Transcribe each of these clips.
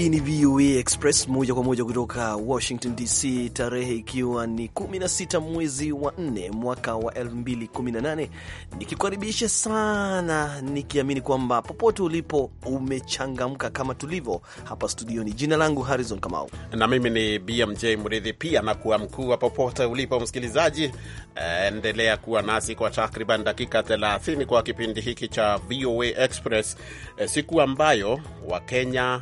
Hii ni VOA Express moja kwa moja kutoka Washington DC, tarehe ikiwa ni 16 mwezi wa 4 mwaka wa 2018, nikikaribisha sana nikiamini kwamba popote ulipo umechangamka kama tulivyo hapa studioni. Jina langu Harrison Kamau na mimi ni BMJ Mridhi, pia nakuwa mkuu popote ulipo msikilizaji. Endelea kuwa nasi kwa takriban dakika 30 kwa kipindi hiki cha VOA Express, siku ambayo Wakenya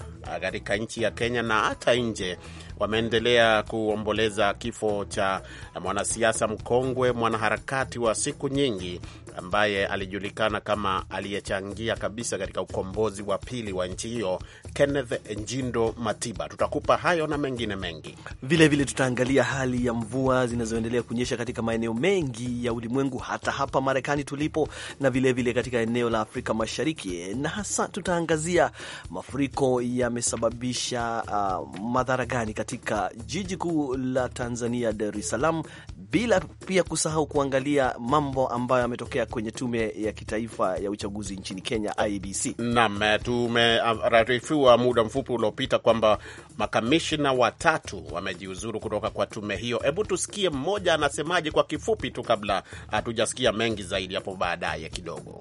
katika nchi ya Kenya na hata nje wameendelea kuomboleza kifo cha mwanasiasa mkongwe, mwanaharakati wa siku nyingi ambaye alijulikana kama aliyechangia kabisa katika ukombozi wa pili wa nchi hiyo, Kenneth Njindo Matiba. Tutakupa hayo na mengine mengi vilevile. Vile tutaangalia hali ya mvua zinazoendelea kunyesha katika maeneo mengi ya ulimwengu, hata hapa Marekani tulipo, na vilevile vile katika eneo la Afrika Mashariki, na hasa tutaangazia mafuriko yamesababisha uh, madhara gani katika jiji kuu la Tanzania, Dar es Salaam, bila pia kusahau kuangalia mambo ambayo yametokea kwenye tume ya kitaifa ya uchaguzi nchini Kenya, IBC. E Naam, eh, tumeraarifiwa ah, muda mfupi uliopita kwamba makamishina watatu wamejiuzuru kutoka kwa tume hiyo. Hebu tusikie mmoja anasemaje kwa kifupi tu, kabla hatujasikia mengi zaidi hapo baadaye kidogo.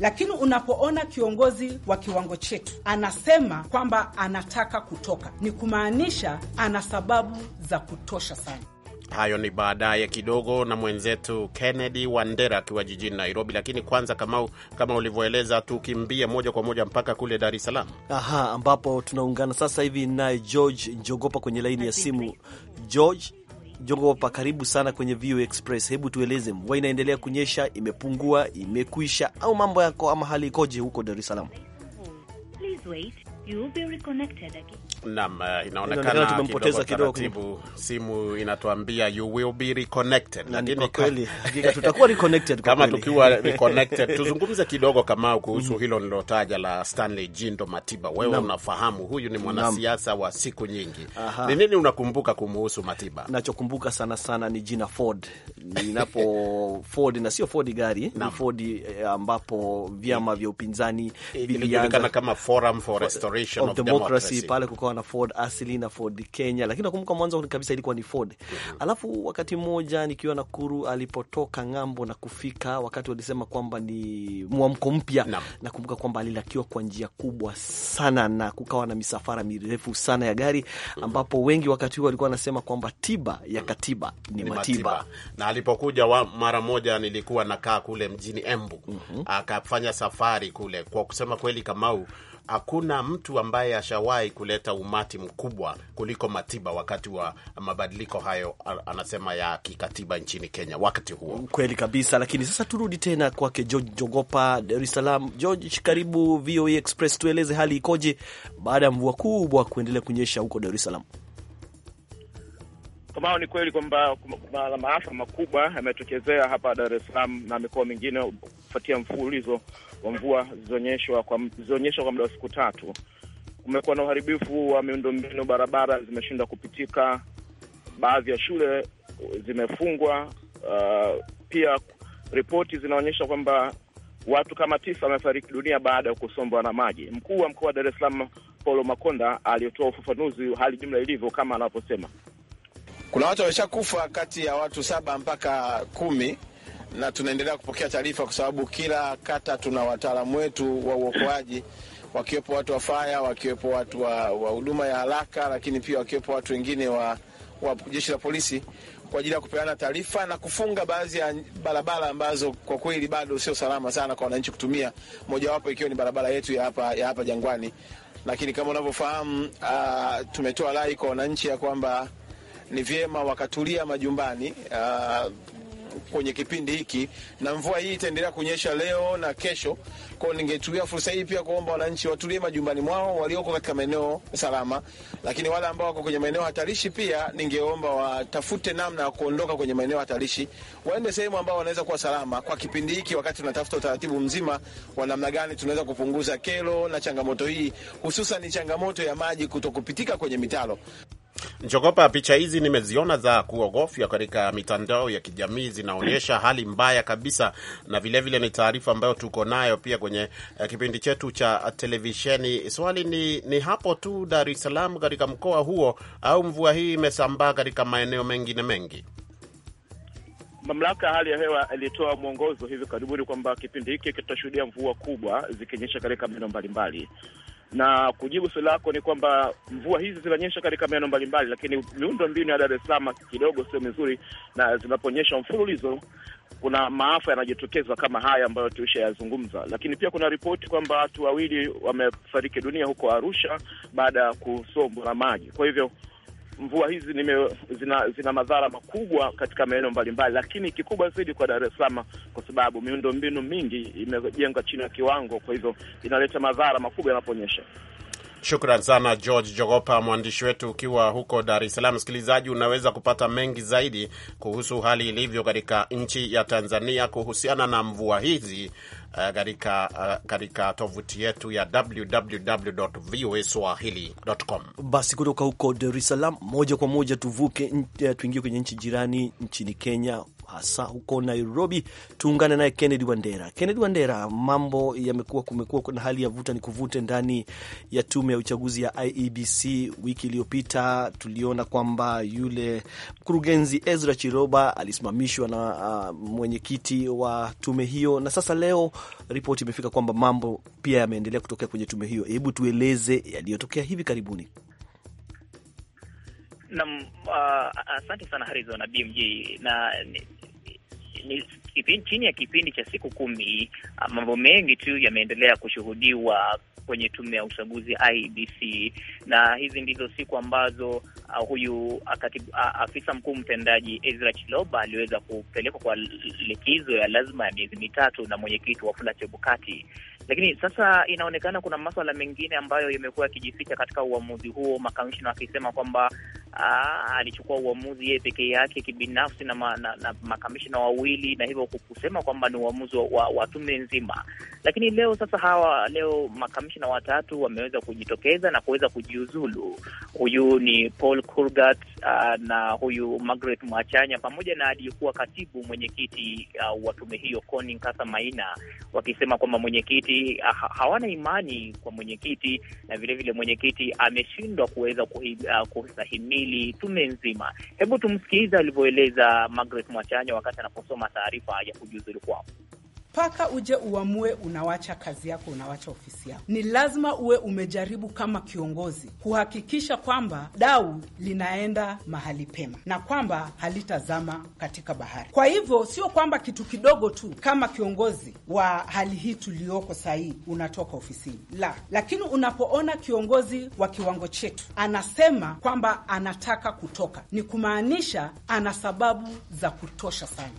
Lakini unapoona kiongozi wa kiwango chetu anasema kwamba anataka kutoka, ni kumaanisha ana sababu za kutosha sana. Hayo ni baadaye kidogo na mwenzetu Kennedy Wandera akiwa jijini Nairobi. Lakini kwanza, kama, kama ulivyoeleza, tukimbie moja kwa moja mpaka kule Dar es Salaam. Aha, ambapo tunaungana sasa hivi naye George Njogopa kwenye laini ya simu. George Njogopa, karibu sana kwenye VOA Express. Hebu tueleze, mvua inaendelea kunyesha, imepungua, imekwisha au mambo yako ama hali ikoje huko Dar es Salaam? Naam, eh, inaonekana tumempoteza kidogo taratibu, simu inatuambia you will be reconnected, lakini kweli tutakuwa reconnected kama tukiwa reconnected. Tuzungumze kidogo kama kuhusu mm-hmm. hilo nilotaja la Stanley Jindo Matiba. Wewe unafahamu huyu ni mwanasiasa wa siku nyingi, ni nini unakumbuka kumhusu Matiba? Nachokumbuka sana sana ni jina Ford, ninapo Ford na sio Ford gari ni Ford, eh, ambapo vyama vya upinzani vilijulikana kama Forum for Restoration of, of Democracy pale kukawa na Ford asili na Ford Kenya, lakini nakumbuka mwanzo kabisa ilikuwa ni Ford. mm -hmm. Alafu wakati mmoja nikiwa Nakuru alipotoka ng'ambo na kufika, wakati walisema kwamba ni mwamko mpya, nakumbuka kwamba alilakiwa kwa njia kubwa sana na kukawa na misafara mirefu sana ya gari mhm. ambapo wengi wakati huo walikuwa wanasema kwamba tiba ya mm. katiba ni, ni matiba. matiba na alipokuja wa mara moja nilikuwa nakaa kule mjini Embu mm -hmm. akafanya safari kule, kwa kusema kweli Kamau hakuna mtu ambaye ashawahi kuleta umati mkubwa kuliko Matiba wakati wa mabadiliko hayo, anasema ya kikatiba nchini Kenya wakati huo. Kweli kabisa, lakini sasa turudi tena kwake George Jogopa, Dar es Salaam. George, karibu VOA e Express, tueleze hali ikoje baada ya mvua kubwa kuendelea kunyesha huko Dar es Salaam? Kamao, ni kweli kwamba maafa makubwa yametokezea hapa Dar es Salaam na mikoa mingine kufuatia mfululizo wa mvua zilizonyeshwa kwa, kwa muda wa siku tatu. Kumekuwa na uharibifu wa miundombinu, barabara zimeshindwa kupitika, baadhi ya shule zimefungwa. Uh, pia ripoti zinaonyesha kwamba watu kama tisa wamefariki dunia baada ya kusombwa na maji. Mkuu wa mkoa wa Dar es Salaam Paulo Makonda aliyotoa ufafanuzi hali jumla ilivyo kama anavyosema. Kuna watu wameshakufa kati ya watu saba mpaka kumi na tunaendelea kupokea taarifa, kwa sababu kila kata tuna wataalamu wetu wa uokoaji, wakiwepo watu wa faya, wakiwepo watu wa huduma ya haraka, lakini pia wakiwepo watu wengine wa, wa jeshi la polisi kwa ajili ya kupeana taarifa na kufunga baadhi ya barabara ambazo kwa kweli bado sio salama sana kwa wananchi kutumia, mojawapo ikiwa ni barabara yetu ya hapa, ya hapa Jangwani. Lakini kama unavyofahamu, uh, tumetoa rai kwa wananchi ya kwamba ni vyema wakatulia majumbani uh, kwenye kipindi hiki na mvua hii itaendelea kunyesha leo na kesho. Kwao ningetumia fursa hii pia kuomba wananchi watulie majumbani mwao walioko katika maeneo salama, lakini wale ambao wako kwenye maeneo hatarishi pia ningeomba watafute namna ya kuondoka kwenye maeneo hatarishi, waende sehemu ambao wanaweza kuwa salama kwa kipindi hiki, wakati tunatafuta utaratibu mzima wa namna gani tunaweza kupunguza kero na changamoto hii, hususan ni changamoto ya maji kutokupitika kwenye mitaro. Njogopa, picha hizi nimeziona za kuogofya katika mitandao ya kijamii zinaonyesha hali mbaya kabisa, na vilevile ni taarifa ambayo tuko nayo pia kwenye eh, kipindi chetu cha televisheni. Swali ni, ni hapo tu Dar es Salaam katika mkoa huo au mvua hii imesambaa katika maeneo mengine mengi? Mamlaka ya hali ya hewa ilitoa mwongozo hivi karibuni kwamba kipindi hiki kitashuhudia mvua kubwa zikinyesha katika maeneo mbalimbali. Na kujibu swali lako ni kwamba mvua hizi zinanyesha katika maeneo mbalimbali, lakini miundo mbinu ya Dar es Salaam kidogo sio mizuri, na zinaponyesha mfululizo kuna maafa yanajitokeza kama haya ambayo yazungumza Lakini pia kuna ripoti kwamba watu wawili wamefariki dunia huko Arusha baada ya kusombwa na maji. Kwa hivyo mvua hizi nime, zina, zina madhara makubwa katika maeneo mbalimbali, lakini kikubwa zaidi kwa Dar es Salaam, kwa sababu miundombinu mingi imejengwa chini ya kiwango, kwa hivyo inaleta madhara makubwa yanaponyesha. Shukran sana George Jogopa, mwandishi wetu ukiwa huko Dar es Salaam. Msikilizaji, unaweza kupata mengi zaidi kuhusu hali ilivyo katika nchi ya Tanzania kuhusiana na mvua hizi eh, katika uh, katika uh, tovuti yetu ya www.voaswahili.com. Basi kutoka huko Dar es Salaam moja kwa moja tuvuke, eh, tuingie kwenye nchi jirani nchini Kenya hasa huko Nairobi. Tuungane naye Kennedy Wandera. Kennedy Wandera, mambo yamekuwa, kumekuwa na hali ya vuta ni kuvute ndani ya tume ya uchaguzi ya IEBC. Wiki iliyopita tuliona kwamba yule mkurugenzi Ezra Chiroba alisimamishwa na uh, mwenyekiti wa tume hiyo, na sasa leo ripoti imefika kwamba mambo pia yameendelea kutokea kwenye tume hiyo. Hebu tueleze yaliyotokea hivi karibuni. Nam, uh, asante sana Harizon na BMJ na kipindi, chini ya kipindi cha siku kumi ah, mambo mengi tu yameendelea kushuhudiwa kwenye tume ya uchaguzi ibc e na hizi ndizo siku ambazo uh, huyu uh, afisa mkuu mtendaji Ezra Chiloba aliweza kupelekwa kwa likizo ya lazima ya miezi mitatu na mwenyekiti wa Wafula Chebukati. Lakini sasa inaonekana kuna maswala mengine ambayo yamekuwa yakijificha katika uamuzi huo, makamishina wakisema kwamba Ah, alichukua uamuzi yeye pekee yake kibinafsi na, ma, na, na makamishina wawili, na hivyo kusema kwamba ni uamuzi wa, wa tume nzima. Lakini leo sasa, hawa leo makamishina watatu wameweza kujitokeza na kuweza kujiuzulu. Huyu ni Paul Kurgat ah, na huyu Margaret Mwachanya pamoja na aliyekuwa katibu mwenyekiti uh, wa tume hiyo Connie Nkatha Maina, wakisema kwamba mwenyekiti ha hawana imani kwa mwenyekiti na vilevile mwenyekiti ameshindwa kuweza kuhi, uh, kustahimili hili tume nzima. Hebu tumsikilize alivyoeleza Margaret Mwachanya wakati anaposoma taarifa ya kujiuzulu kwao mpaka uje uamue unawacha kazi yako, unawacha ofisi yako. Ni lazima uwe umejaribu kama kiongozi kuhakikisha kwamba dau linaenda mahali pema na kwamba halitazama katika bahari. Kwa hivyo sio kwamba kitu kidogo tu kama kiongozi wa hali hii tuliyoko sahii unatoka ofisini, la. Lakini unapoona kiongozi wa kiwango chetu anasema kwamba anataka kutoka, ni kumaanisha ana sababu za kutosha sana.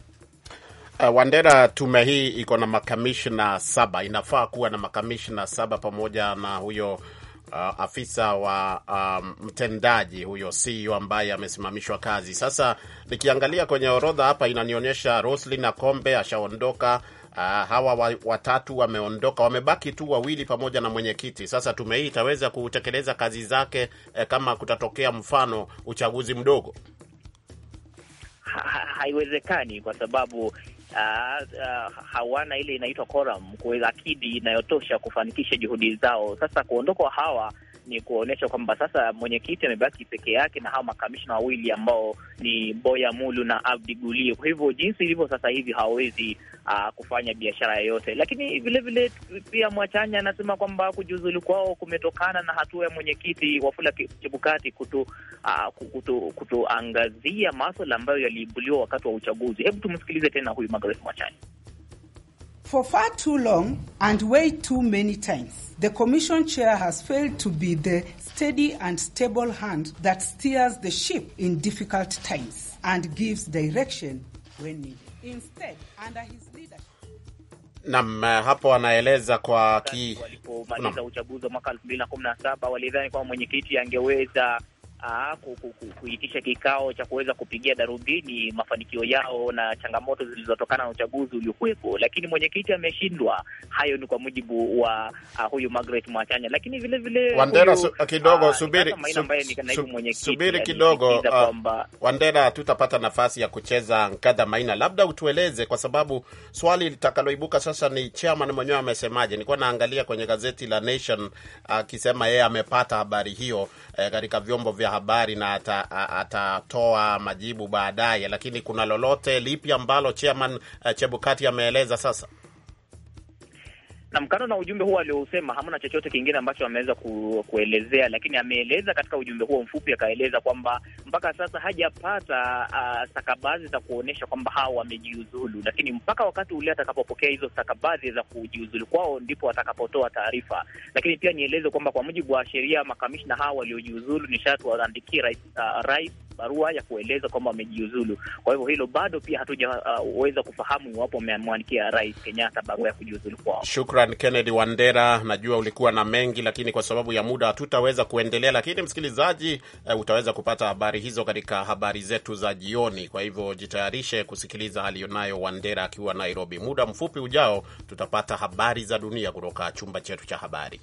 Uh, Wandera, tume hii iko na makamishna saba, inafaa kuwa na makamishna saba pamoja na huyo uh, afisa wa uh, mtendaji huyo CEO ambaye amesimamishwa kazi. Sasa nikiangalia kwenye orodha hapa inanionyesha Roslyn Akombe ashaondoka. Uh, hawa wa, watatu wameondoka, wamebaki tu wawili pamoja na mwenyekiti. Sasa tume hii itaweza kutekeleza kazi zake eh, kama kutatokea mfano uchaguzi mdogo? Haiwezekani kwa sababu uh, uh, hawana ile inaitwa kuweza akidi inayotosha kufanikisha juhudi zao. Sasa kuondoka hawa ni kuonyesha kwamba sasa mwenyekiti amebaki peke yake na hawa makamishna wawili ambao ni Boya Mulu na Abdi Gulie. Kwa hivyo jinsi ilivyo sasa hivi hawawezi uh, kufanya biashara yoyote, lakini vilevile pia Mwachanya anasema kwamba kujiuzulu kwao kumetokana na hatua ya mwenyekiti Wafula Chebukati kutu, uh, kutu, kutuangazia maswala ambayo yaliibuliwa wakati wa uchaguzi. Hebu tumsikilize tena huyu Margaret Mwachanya. For far too long and way too many times, the commission chair has failed to be the steady and stable hand that steers the ship in difficult times and gives direction when needed. Instead, under his leadership Nam eh, hapo anaeleza kwa ki... walipomaliza uchaguzi wa mwaka elfu mbili na kumi na saba walidhani kwamba mwenyekiti angeweza Ah, kuitisha kikao cha kuweza kupigia darubini mafanikio yao na changamoto zilizotokana na uchaguzi uliokuwepo, lakini mwenyekiti ameshindwa. Hayo ni kwa mujibu wa uh, huyu Margaret Mwachanya, lakini vile vile Wandera huyu, su, kidogo uh, subiri su, subiri kidogo uh, Wandera, hatutapata nafasi ya kucheza nkadha maina, labda utueleze, kwa sababu swali litakaloibuka sasa ni chairman mwenyewe amesemaje. Nilikuwa naangalia kwenye gazeti la Nation akisema uh, yeye amepata habari hiyo eh, katika uh, vyombo vya vya habari na atatoa ata majibu baadaye, lakini kuna lolote lipi ambalo chairman uh, Chebukati ameeleza sasa? na mkano na ujumbe huo aliousema, hamna chochote kingine ambacho ameweza ku, kuelezea, lakini ameeleza katika ujumbe huo mfupi, akaeleza kwamba mpaka sasa hajapata uh, stakabadhi za kuonyesha kwamba hao wamejiuzulu, lakini mpaka wakati ule atakapopokea hizo stakabadhi za kujiuzulu kwao ndipo atakapotoa taarifa. Lakini pia nieleze kwamba kwa mujibu wa sheria, makamishna hao waliojiuzulu ni sharti waandikie rais, uh, rais barua ya kueleza kwamba wamejiuzulu. Kwa hivyo hilo bado pia hatujaweza uh, kufahamu iwapo wamemwandikia Rais Kenyatta barua ya kujiuzulu kwao. Shukra. Shukran Kennedy Wandera, najua ulikuwa na mengi, lakini kwa sababu ya muda hatutaweza kuendelea. Lakini msikilizaji, uh, utaweza kupata habari hizo katika habari zetu za jioni. Kwa hivyo jitayarishe kusikiliza aliyonayo Wandera akiwa Nairobi. Muda mfupi ujao tutapata habari za dunia kutoka chumba chetu cha habari.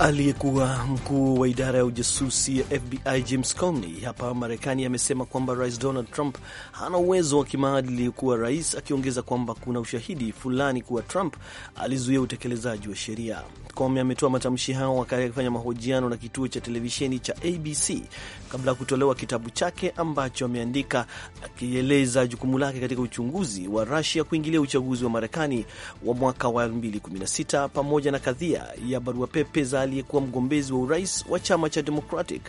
Aliyekuwa mkuu wa idara ya ujasusi ya FBI James Comey hapa Marekani amesema kwamba Rais Donald Trump hana uwezo wa kimaadili kuwa rais, akiongeza kwamba kuna ushahidi fulani kuwa Trump alizuia utekelezaji wa sheria. Comey ametoa matamshi hayo wakati akifanya mahojiano na kituo cha televisheni cha ABC kabla ya kutolewa kitabu chake ambacho ameandika akieleza jukumu lake katika uchunguzi wa rusia kuingilia uchaguzi wa Marekani wa mwaka wa 2016 pamoja na kadhia ya barua pepe za aliyekuwa mgombezi wa urais wa chama cha Democratic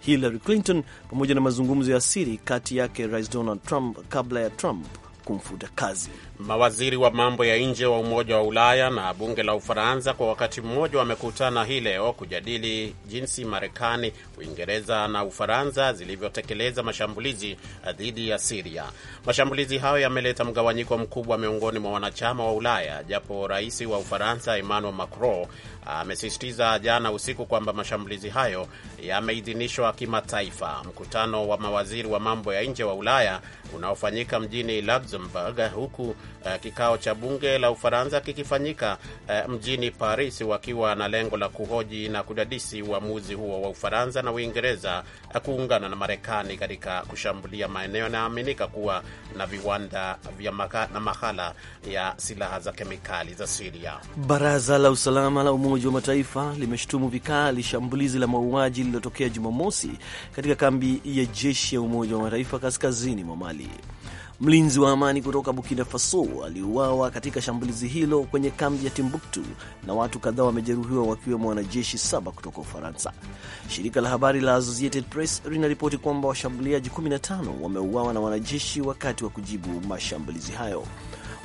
Hillary Clinton pamoja na mazungumzo ya siri kati yake Rais Donald Trump kabla ya Trump kumfuta kazi. Mawaziri wa mambo ya nje wa Umoja wa Ulaya na bunge la Ufaransa kwa wakati mmoja wamekutana hii leo kujadili jinsi Marekani, Uingereza na Ufaransa zilivyotekeleza mashambulizi dhidi ya Siria. Mashambulizi hayo yameleta mgawanyiko mkubwa miongoni mwa wanachama wa Ulaya, japo rais wa Ufaransa Emmanuel Macron amesisitiza jana usiku kwamba mashambulizi hayo yameidhinishwa kimataifa. Mkutano wa mawaziri wa mambo ya nje wa Ulaya unaofanyika mjini Luxembourg huku eh, kikao cha bunge la Ufaransa kikifanyika eh, mjini Paris, wakiwa na lengo la kuhoji na kudadisi uamuzi huo wa Ufaransa na Uingereza eh, kuungana na Marekani katika kushambulia maeneo yanayoaminika kuwa na viwanda vya maka, na mahala ya silaha za kemikali za Siria. Baraza la usalama la Umoja wa Mataifa limeshutumu vikali shambulizi la mauaji lililotokea Jumamosi katika kambi ya jeshi ya Umoja wa Mataifa kaskazini mwa Mali. Mlinzi wa amani kutoka Burkina Faso aliuawa katika shambulizi hilo kwenye kambi ya Timbuktu na watu kadhaa wamejeruhiwa wakiwemo wanajeshi saba kutoka Ufaransa. Shirika la habari la Associated Press linaripoti kwamba washambuliaji 15 wameuawa na wanajeshi wakati wa kujibu mashambulizi hayo.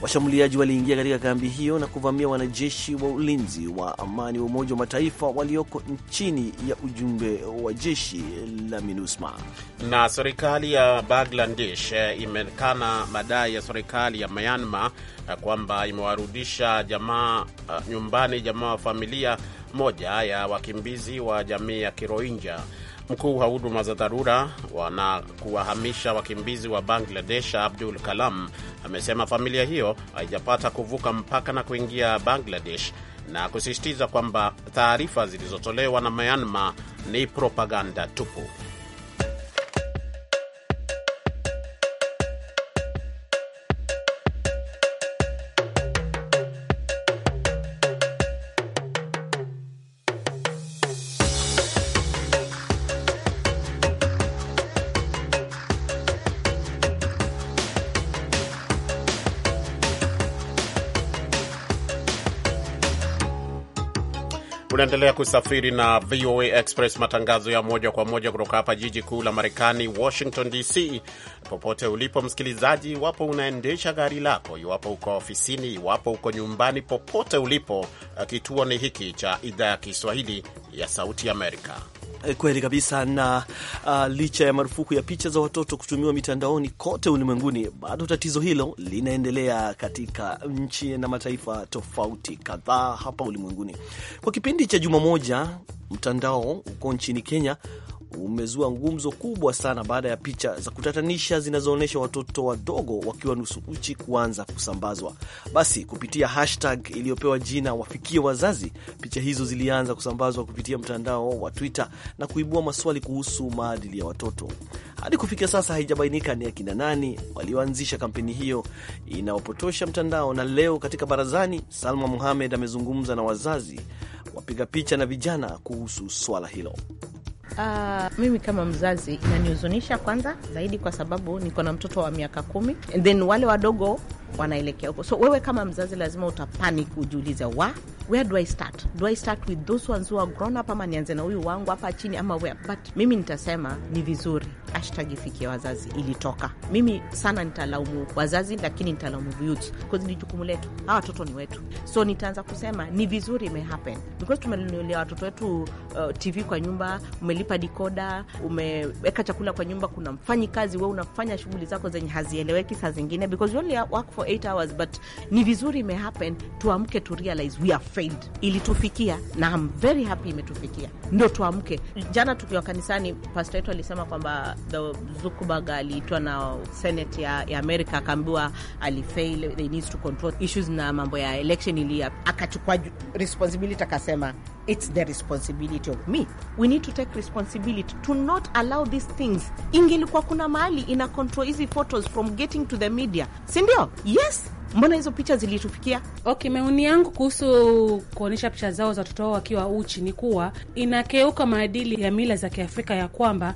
Washambuliaji waliingia katika kambi hiyo na kuvamia wanajeshi wa ulinzi wa amani wa Umoja wa Mataifa walioko chini ya ujumbe wa jeshi la MINUSMA. Na serikali ya Bangladesh eh, imekana madai ya serikali ya Myanmar eh, kwamba imewarudisha jamaa eh, nyumbani jamaa wa familia moja ya wakimbizi wa jamii ya Kirohinja Mkuu wa huduma za dharura wana kuwahamisha wakimbizi wa Bangladesh Abdul Kalam amesema familia hiyo haijapata kuvuka mpaka na kuingia Bangladesh na kusisitiza kwamba taarifa zilizotolewa na Myanmar ni propaganda tupu. Unaendelea kusafiri na VOA Express, matangazo ya moja kwa moja kutoka hapa jiji kuu la Marekani, Washington DC. Popote ulipo msikilizaji, iwapo unaendesha gari lako, iwapo uko ofisini, iwapo uko nyumbani, popote ulipo, kituo ni hiki cha idhaa ya Kiswahili ya Sauti Amerika. Eh, kweli kabisa na uh, licha ya marufuku ya picha za watoto kutumiwa mitandaoni kote ulimwenguni, bado tatizo hilo linaendelea katika nchi na mataifa tofauti kadhaa hapa ulimwenguni. Kwa kipindi cha juma moja, mtandao uko nchini Kenya umezua ngumzo kubwa sana baada ya picha za kutatanisha zinazoonyesha watoto wadogo wakiwa nusu uchi kuanza kusambazwa. Basi kupitia hashtag iliyopewa jina wafikie wazazi, picha hizo zilianza kusambazwa kupitia mtandao wa Twitter na kuibua maswali kuhusu maadili ya watoto. Hadi kufikia sasa haijabainika ni akina nani walioanzisha kampeni hiyo inaopotosha mtandao. Na leo katika barazani, Salma Muhamed amezungumza na wazazi wapiga picha na vijana kuhusu swala hilo. Uh, mimi kama mzazi inanihuzunisha kwanza zaidi, kwa sababu niko na mtoto wa miaka kumi, and then wale wadogo wanaelekea huko. So wewe kama mzazi lazima utapanic, ujiulize wa where do I start? Do I start with those ones who are grown up ama nianze na huyu wangu hapa chini ama where? But mimi nitasema ni vizuri hashtag ifikie wazazi ilitoka. Mimi sana nitalaumu wazazi, lakini nitalaumu youth because ni jukumu letu, hawa watoto ni wetu. So nitaanza kusema ni vizuri imehappen because tumenunulia watoto wetu uh, TV kwa nyumba, umelipa dikoda, umeweka chakula kwa nyumba, kuna mfanyikazi, we unafanya shughuli zako zenye hazieleweki saa zingine because you only work for 8 hours but ni vizuri ime happen, tuamke tu realize we are failed. Ilitufikia na I'm very happy imetufikia, ndo tuamke. Jana tukiwa kanisani, pastor yetu alisema kwamba the Zuckerberg aliitwa na Senate ya, ya America akaambiwa alifail, they needs to control issues na mambo ya election, ili akachukua responsibility akasema It's the responsibility of me. We need to take responsibility to not allow these things. Ingelikuwa kuna mahali ina control hizi photos from getting to the media, si ndio? Yes. Mbona hizo picha zilitufikia? Okay, maoni yangu kuhusu kuonyesha picha zao za watoto wao wakiwa uchi ni kuwa inakeuka maadili ya mila za Kiafrika ya kwamba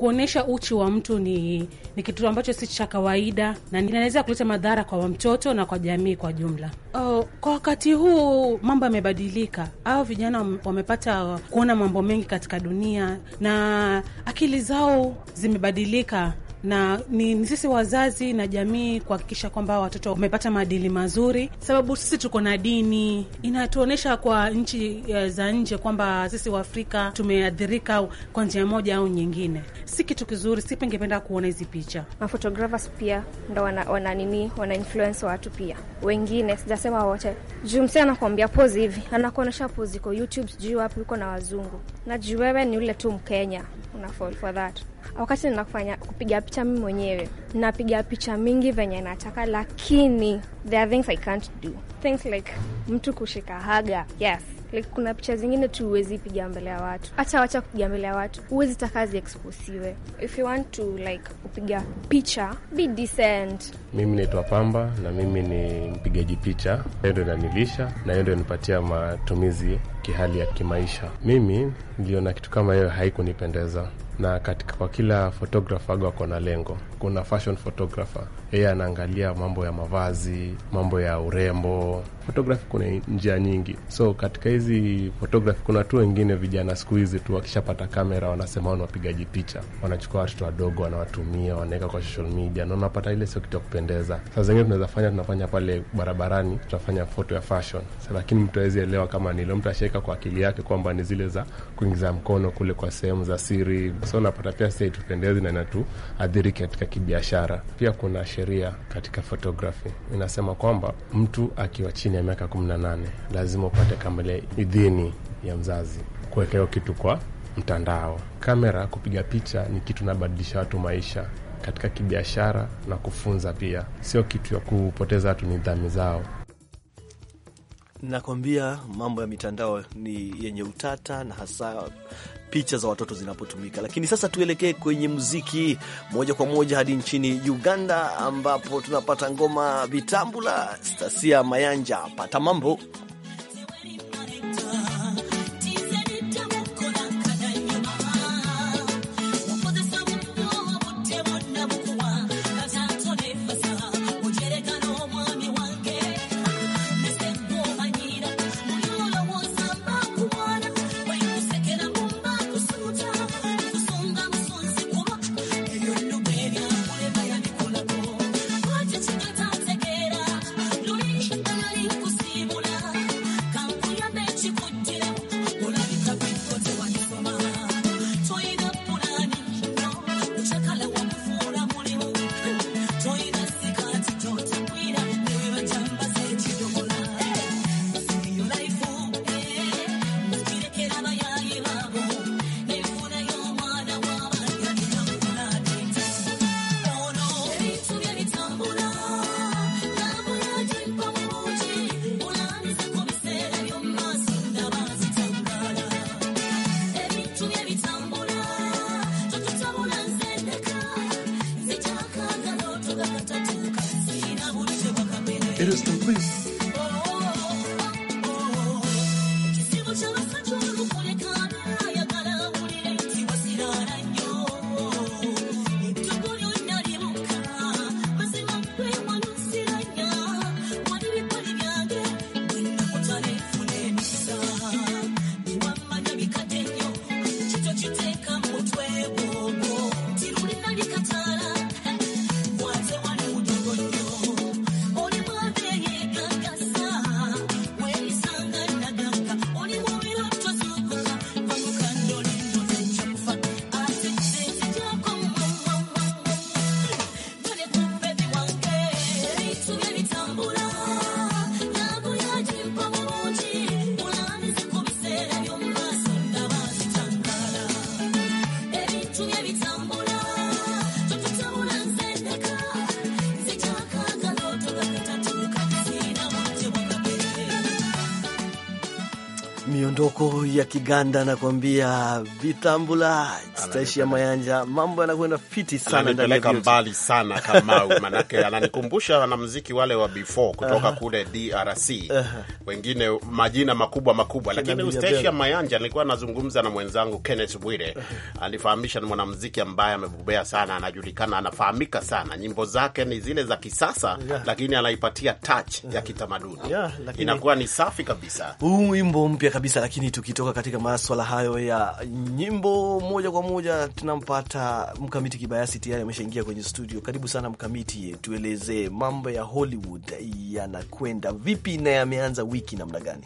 kuonyesha uchi wa mtu ni, ni kitu ambacho si cha kawaida na inaweza kuleta madhara kwa mtoto na kwa jamii kwa jumla. Oh, kwa wakati huu mambo yamebadilika, au vijana wamepata kuona mambo mengi katika dunia na akili zao zimebadilika na ni, ni sisi wazazi na jamii kuhakikisha kwamba watoto wamepata maadili mazuri, sababu sisi tuko na dini. Inatuonyesha kwa nchi eh, za nje kwamba sisi Waafrika tumeathirika kwa njia moja au nyingine. Si kitu kizuri, si pengependa kuona hizi picha. Mafotographers pia ndo wana, wana nini, wana influence watu pia wengine, sijasema wote, juu msee anakuambia pozi hivi, anakuonyesha pozi iko YouTube, sijui wapi, uko na wazungu, najuu wewe ni ule tu Mkenya una fall for that wakati ninafanya kupiga picha, mimi mwenyewe napiga picha mingi venye nataka, lakini there are things I can't do things like mtu kushika haga yes. Like, kuna picha zingine tu huwezi piga mbele ya watu, hata wacha kupiga mbele ya watu, huwezi takazi exposiwe. If you want to like kupiga picha, be decent. Mimi naitwa Pamba na mimi ni mpigaji picha. Hiyo ndo inanilisha na hiyo ndo nipatia matumizi kihali ya kimaisha. Mimi niliona kitu kama hiyo haikunipendeza, na katika kwa kila photographer aga wako na lengo. Kuna fashion photographer yeye anaangalia mambo ya mavazi, mambo ya urembo photography kuna njia nyingi, so katika hizi photography kuna tu wengine vijana siku hizi tu wakishapata kamera wanasema ni wapigaji picha, wanachukua watoto wadogo wanawatumia, wanaweka kwa social media na unapata ile sio kitu ya kupendeza. Saa zingine tunaweza fanya, tunafanya pale barabarani, tunafanya foto ya fashion, lakini mtu awezi elewa kama nilo mtu ashaika kwa akili yake kwamba ni zile za kuingiza mkono kule kwa sehemu za siri, so unapata pia sia itupendezi na inatuadhiri katika kibiashara. Pia kuna sheria katika photography inasema kwamba mtu akiwa chini ya miaka kumi na nane lazima upate kama ile idhini ya mzazi kuweka hiyo kitu kwa mtandao. Kamera kupiga picha ni kitu nabadilisha watu maisha katika kibiashara na kufunza pia, sio kitu ya kupoteza watu nidhamu zao. Nakwambia mambo ya mitandao ni yenye utata na hasa picha za watoto zinapotumika. Lakini sasa tuelekee kwenye muziki moja kwa moja hadi nchini Uganda ambapo tunapata ngoma Vitambula, Stasia Mayanja, pata mambo Doko ya Kiganda anakuambia vitambula staishi ya Mayanja, mambo yanakwenda fiti sana nipeleka mbali sana Kamau, manake ananikumbusha wanamuziki wale wa before kutoka uh -huh. kule DRC uh -huh. wengine majina makubwa makubwa, lakini Eustacia Mayanja nilikuwa nazungumza na mwenzangu Kenneth Bwire uh -huh. alifahamisha ni mwanamuziki ambaye amebobea sana, anajulikana, anafahamika sana, nyimbo zake ni zile za kisasa yeah. lakini anaipatia touch uh -huh. ya kitamaduni yeah, lakini... inakuwa ni safi kabisa, huu wimbo mpya kabisa. Lakini tukitoka katika maswala hayo ya nyimbo, moja kwa moja tunampata mkamiti Kibayasi tayari ameshaingia kwenye studio. Karibu sana Mkamiti, tuelezee mambo ya Hollywood yanakwenda vipi na yameanza wiki namna gani?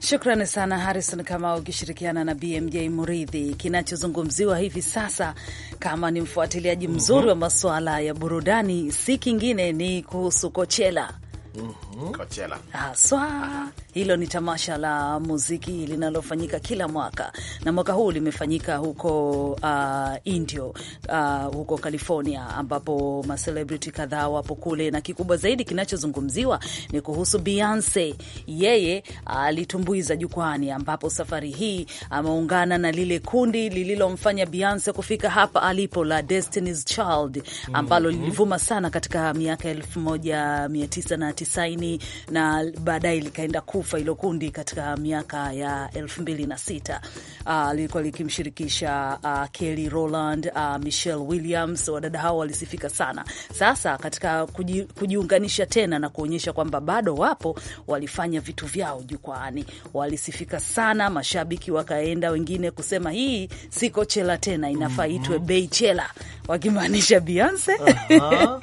Shukrani sana Harrison Kamau ukishirikiana na BMJ Muridhi. Kinachozungumziwa hivi sasa, kama ni mfuatiliaji mzuri mhm. wa masuala ya burudani, si kingine ni kuhusu Coachella mm -hmm. Coachella haswa. Hilo ni tamasha la muziki linalofanyika kila mwaka, na mwaka huu limefanyika huko uh, Indio uh, huko California, ambapo macelebrity kadhaa wapo kule, na kikubwa zaidi kinachozungumziwa ni kuhusu Beyonce. Yeye alitumbuiza uh, jukwani, ambapo safari hii ameungana na lile kundi lililomfanya Beyonce kufika hapa alipo la Destiny's Child ambalo mm -hmm. lilivuma sana katika miaka 1990 tisaini na baadaye likaenda kufa hilo kundi katika miaka ya elfu mbili na sita. Uh, lilikuwa likimshirikisha uh, Kelly Rowland, uh, Michelle Williams. Wadada hao walisifika sana. Sasa katika kuji, kujiunganisha tena na kuonyesha kwamba bado wapo, walifanya vitu vyao jukwaani, walisifika sana, mashabiki wakaenda wengine kusema hii si Coachella tena, inafaa mhm. itwe Beychella, wakimaanisha Beyonce.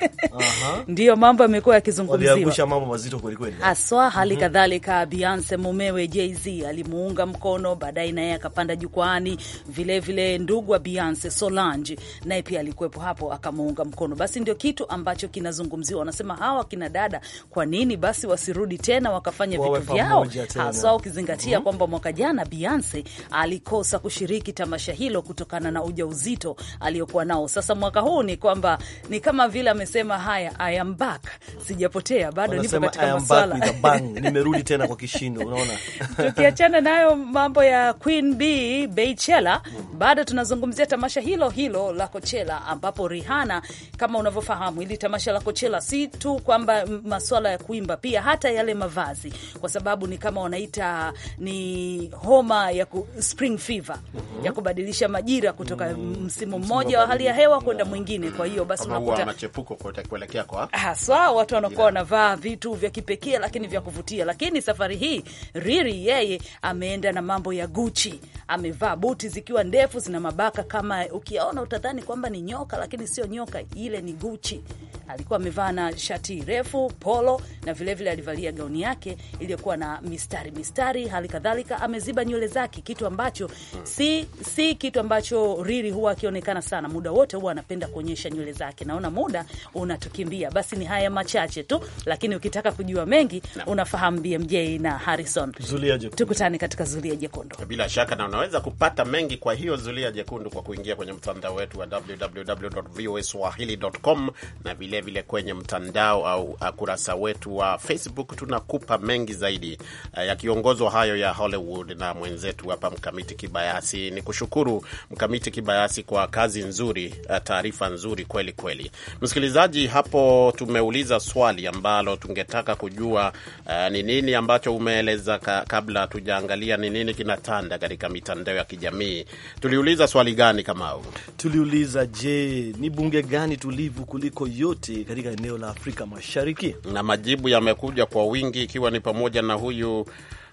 Ndiyo mambo yamekuwa yakizungumziwa mambo mazito kweli kweli eh. haswa. Hali mm -hmm. kadhalika Beyonce mumewe Jay-Z alimuunga mkono, baadaye naye akapanda jukwani Vilevile ndugu wa Beyonce Solange naye pia alikuwepo hapo akamuunga mkono. Basi ndio kitu ambacho kinazungumziwa, wanasema hawa kina dada, kwa nini basi wasirudi tena wakafanya vitu vyao, haswa ukizingatia mm -hmm. kwamba mwaka jana Beyonce alikosa kushiriki tamasha hilo kutokana na ujauzito aliyokuwa nao. Sasa mwaka huu ni kwamba ni kama vile amesema haya, I am back, sijapotea bado anasema nimerudi tena kwa kishindo. Unaona, tukiachana nayo mambo ya Queen B Beychella, bado tunazungumzia tamasha hilo hilo la Coachella, ambapo Rihanna kama unavyofahamu, ili tamasha la Coachella si tu kwamba masuala ya kuimba, pia hata yale mavazi, kwa sababu ni kama wanaita ni homa ya ku, spring fever mm -hmm. ya kubadilisha majira kutoka mm -hmm. msimu mmoja wa hali ya hewa kwenda mwingine. Kwa hiyo basi unakuta machepuko kuelekea kwa haswa watu wanakuwa wanavaa vitu vya kipekee lakini vya kuvutia. Lakini safari hii Riri yeye ameenda na mambo ya Gucci, amevaa buti zikiwa ndefu zina mabaka kama ukiona utadhani kwamba ni nyoka, lakini sio nyoka, ile ni Gucci. Alikuwa amevaa na shati refu polo, na vilevile alivalia gauni yake iliyokuwa na mistari mistari. Hali kadhalika ameziba nywele zake, kitu ambacho si, si kitu ambacho Riri huwa akionekana sana muda wote, huwa anapenda kuonyesha nywele zake. Naona muda unatukimbia, basi ni haya machache tu, lakini ukitaka kujua mengi na unafahamu BMJ na Harrison. Zulia Jekundu, tukutane katika Zulia Jekundu. Bila shaka, na unaweza kupata mengi kwa hiyo Zulia Jekundu kwa kuingia kwenye mtandao wetu wa www.voaswahili.com na vilevile vile kwenye mtandao au kurasa wetu wa Facebook. Tunakupa mengi zaidi eh, yakiongozwa hayo ya Hollywood na mwenzetu hapa Mkamiti Kibayasi. Ni kushukuru Mkamiti Kibayasi kwa kazi nzuri, eh, taarifa nzuri kweli kweli. Msikilizaji, hapo tumeuliza swali ambalo tungetaka kujua eh, ni uh, nini ambacho umeeleza ka, kabla tujaangalia ni nini kinatanda katika mitandao ya kijamii. Tuliuliza swali gani kama au? Tuliuliza, je, ni bunge gani tulivu kuliko yote katika eneo la Afrika Mashariki? Na majibu yamekuja kwa wingi, ikiwa ni pamoja na huyu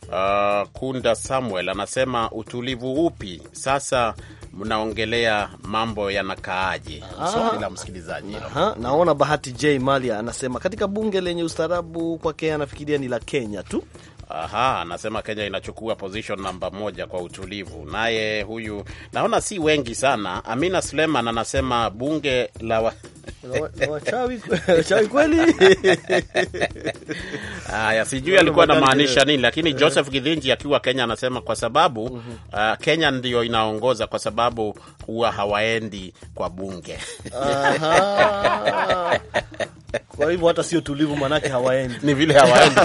uh, Kunda Samuel anasema utulivu upi sasa? Mnaongelea mambo yanakaaje? Ah. Swali la msikilizaji. Naona Bahati J Malia anasema katika bunge lenye ustaarabu, kwake anafikiria ni la Kenya tu Aha, anasema Kenya inachukua position namba moja kwa utulivu. Naye huyu naona si wengi sana. Amina Suleman anasema bunge la wa... Haya, sijui alikuwa anamaanisha nini, lakini eh. Joseph Githinji akiwa Kenya anasema kwa sababu mhm. uh, Kenya ndiyo inaongoza kwa sababu huwa hawaendi kwa bunge. Aha. Kwa hivyo hata sio tulivu, manake hawaendi ni vile hawaendi.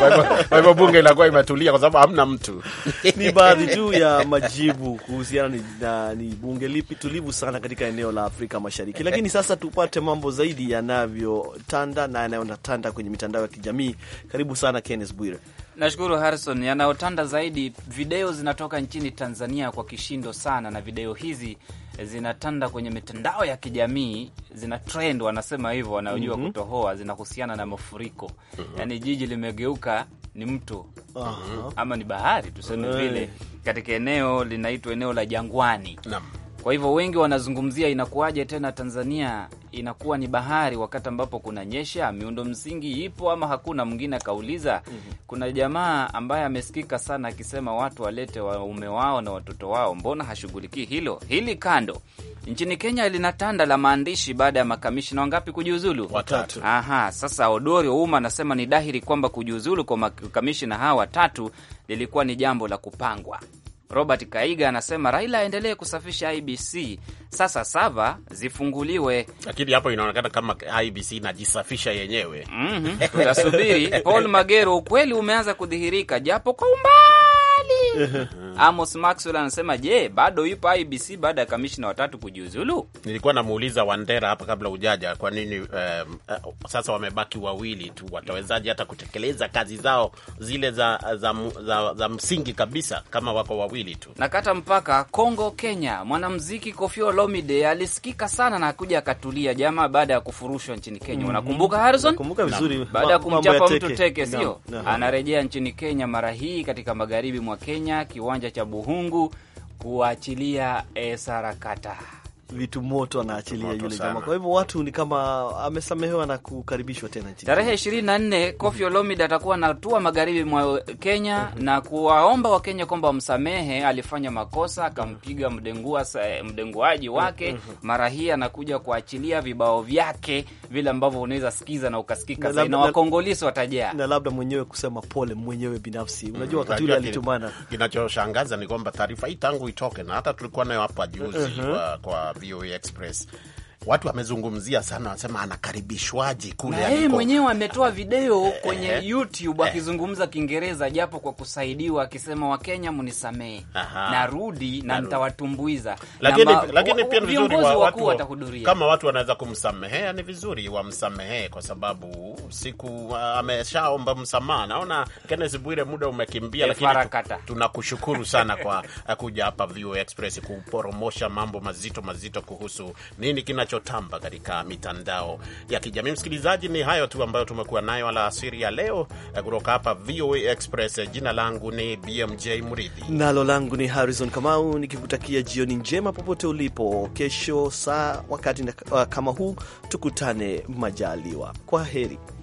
Kwa hivyo bunge inakuwa imetulia kwa sababu hamna mtu. Ni baadhi tu ya majibu kuhusiana ni, na, ni bunge lipi tulivu sana katika eneo la Afrika Mashariki. Lakini sasa tupate mambo zaidi yanavyotanda na yanayotanda kwenye mitandao ya kijamii. Karibu sana Kenneth Bwire. Nashukuru Harrison. Yanayotanda zaidi, video zinatoka nchini Tanzania kwa kishindo sana, na video hizi zinatanda kwenye mitandao ya kijamii zina trend, wanasema hivyo wanaojua mm -hmm. kutohoa, zinahusiana na mafuriko mm -hmm. yaani jiji limegeuka ni mto uh -huh. ama ni bahari tuseme vile, katika eneo linaitwa eneo la Jangwani Nam. Kwa hivyo wengi wanazungumzia inakuwaje tena Tanzania inakuwa ni bahari wakati ambapo kuna nyesha miundo msingi ipo ama hakuna? Mwingine akauliza mm -hmm. Kuna jamaa ambaye amesikika sana akisema watu walete waume wao na watoto wao, mbona hashughulikii hilo hili? Kando nchini Kenya lina tanda la maandishi baada ya makamishina wangapi kujiuzulu? Watatu. Aha, sasa Odori Ouma anasema ni dhahiri kwamba kujiuzulu kwa makamishina hawa watatu lilikuwa ni jambo la kupangwa. Robert Kaiga anasema Raila aendelee kusafisha IBC, sasa sava zifunguliwe. Lakini hapo inaonekana kama IBC inajisafisha yenyewe. mm -hmm. Tutasubiri. Paul Magero, ukweli umeanza kudhihirika japo kwa umbali mbali. Amos Maxwell anasema je, bado yupo IBC baada ya kamishna watatu kujiuzulu? Nilikuwa namuuliza Wandera hapa kabla ujaja, kwa nini um, sasa wamebaki wawili tu, watawezaje hata kutekeleza kazi zao zile za, za, za, za, za msingi kabisa kama wako wawili tu? Nakata mpaka Kongo, Kenya, mwanamziki Koffi Olomide alisikika sana na kuja akatulia jamaa baada ya kufurushwa nchini Kenya. Mhm. Unakumbuka Harrison? Nakumbuka vizuri. Baada ya kumchapa mtu teke, sio? Anarejea nchini Kenya mara hii katika magharibi mwa Kenya, kiwanja cha Buhungu kuachilia e, sarakata vitu moto anaachilia yule jamaa. Kwa hivyo watu ni kama amesamehewa na kukaribishwa tena nchini. Tarehe ishirini na nne Kofi Olomide atakuwa anatua magharibi mwa Kenya mhm. na kuwaomba Wakenya kwamba wamsamehe, alifanya makosa akampiga mdengua mdenguaji wake. Mhm. Mhm. Mara hii anakuja kuachilia vibao vyake vile ambavyo unaweza sikiza na ukasikika na, na wakongolisi watajaa, na labda mwenyewe kusema pole mwenyewe binafsi. Mm, Unajua wakati ule alitumana. Kinachoshangaza ni kwamba taarifa hii tangu itoke na hata tulikuwa nayo hapa juzi kwa VOA Express. watu wamezungumzia sana, wanasema anakaribishwaji kule. Yeye mwenyewe ametoa video eh, kwenye eh, eh, YouTube akizungumza eh, Kiingereza japo kwa kusaidiwa, akisema Wakenya munisamehe, narudi na nitawatumbuiza, lakini lakini pia vizuri wa watu watahudhuria. Kama watu wanaweza kumsamehea ni vizuri wamsamehee, kwa sababu siku uh, ameshaomba msamaha. Naona Kenneth Bwire, muda umekimbia, eh, lakini tunakushukuru sana kwa uh, kuja hapa View Express kuporomosha mambo mazito mazito kuhusu nini kina kinachotamba katika mitandao ya kijamii. Msikilizaji, ni hayo tu ambayo tumekuwa nayo alasiri ya leo eh, kutoka hapa VOA Express. Eh, jina langu ni BMJ Mridhi, nalo langu ni Harrison Kamau, nikikutakia jioni njema popote ulipo. Kesho saa wakati na, eh, kama huu tukutane majaliwa. Kwa heri.